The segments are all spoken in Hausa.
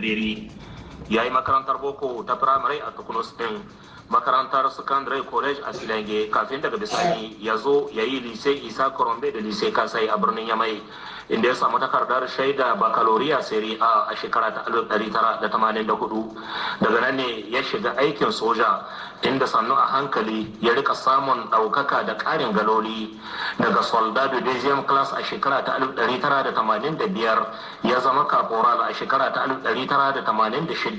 berdiri. Ia makanan terboko, tak pernah mereka ataupun hostel makarantar secondary college a silange kafin daga bisani ya zo ya yi lise isa korombe da lise kasai a birnin yamai inda ya samu takardar shaida bakaloriya seri a a shekara ta 1984 daga nan ne ya shiga aikin soja inda sannu a hankali ya rika samun ɗaukaka da ƙarin galoli daga soldado deuxième class a shekara ta 1985 ya zama caporal a shekara ta 1986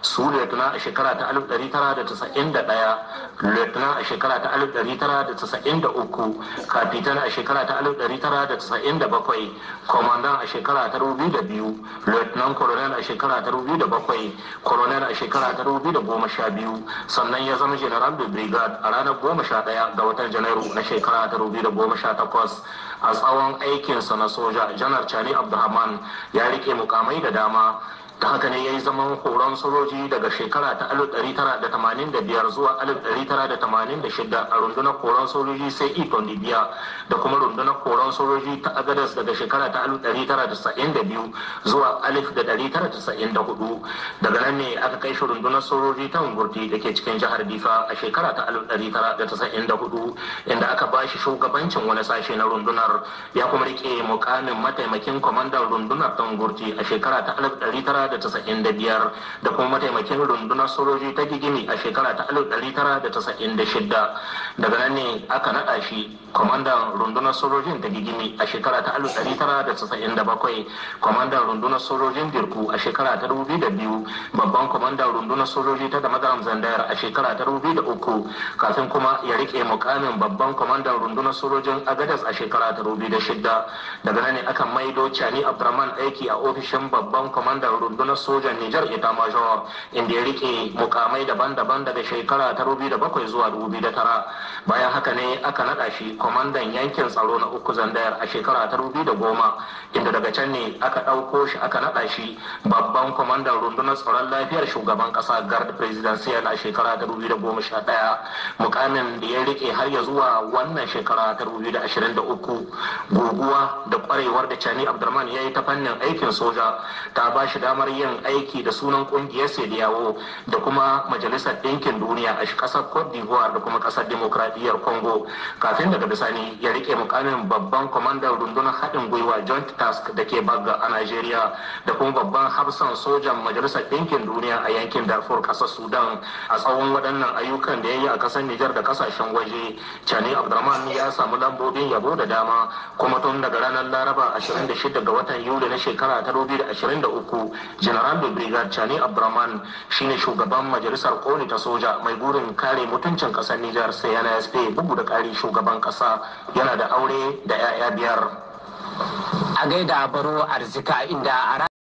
su a shekara ta 1990 1991 lieutenant a shekara ta 1993 kapitan a shekara ta 1997 kwamandan a shekara ta 2002 lieutenant colonel a shekara ta 2007 colonel a shekara ta 2012 sannan ya zama general de brigade a ranar 11 ga watan janairu na shekara ta 2018 a tsawon aikinsa na soja janar chani abdulrahman ya rike mukamai da dama Ta haka ne ya yi zaman horon sojoji daga shekara ta 1985 zuwa 1986 a rundunar horon sojoji sai iton libya da kuma rundunar horon sojoji ta agadas daga shekara ta 1992 zuwa 1994 daga nan ne aka kai shi rundunar sojoji ta ungurti da ke cikin jihar difa a shekara ta 1994 inda aka ba shi shugabancin wani sashe na rundunar ya kuma rike mukamin mataimakin kwamandan rundunar ta ungurti a shekara ta tasa'in da da kuma mataimakin rundunar sojoji ta gigimi a shekara ta alif tara da da tasa'in shida daga nan ne aka naɗa shi kwamandan rundunar sojojin ta gigimi a shekara ta alif tara da da tasa'in bakwai kwamandan rundunar sojojin birku a shekara ta da biyu babban kwamandan rundunar sojoji ta damagaram zandayar a shekara ta da uku kafin kuma ya rike mukamin babban kwamandan rundunar sojojin agadas a shekara ta da shida daga nan ne aka maido cani abdurrahman aiki a ofishin babban kwamandan rundunar rundunar sojan Nijar ita major inda ya rike mukamai daban-daban daga shekara ta bakwai zuwa tara bayan haka ne aka naɗa shi kwamandan yankin tsaro na uku zandayar a shekara ta goma inda daga can ne aka ɗauko shi aka naɗa shi babban kwamandan rundunar tsaron lafiyar shugaban ƙasa guard presidential a shekara ta ɗaya mukamin da ya rike har ya zuwa wannan shekara ta uku guguwa da kwarewar da cani Abdurrahman ya yi ta fannin aikin soja ta ba shi damar damar yin aiki da sunan kungiyar sediyawo da kuma majalisar ɗinkin duniya a ƙasar cote d'ivoire da kuma ƙasar demokradiyyar congo kafin daga bisani ya rike mukamin babban kwamandan rundunar haɗin gwiwa joint task da ke baga a nigeria da kuma babban hafsan sojan majalisar ɗinkin duniya a yankin darfur ƙasar sudan a tsawon waɗannan ayyukan da ya yi a ƙasar nijar da ƙasashen waje cani abdurrahman ya samu lambobin yabo da dama kuma tun daga ranar laraba 26 ga watan yuli na shekara ta 2023 general da brigade chani abraman shine shugaban majalisar koli ta soja mai gurin kare mutuncin kasar nijar sai yana bugu da kari shugaban kasa yana da aure da 'ya'ya biyar a gaida baro arzika inda a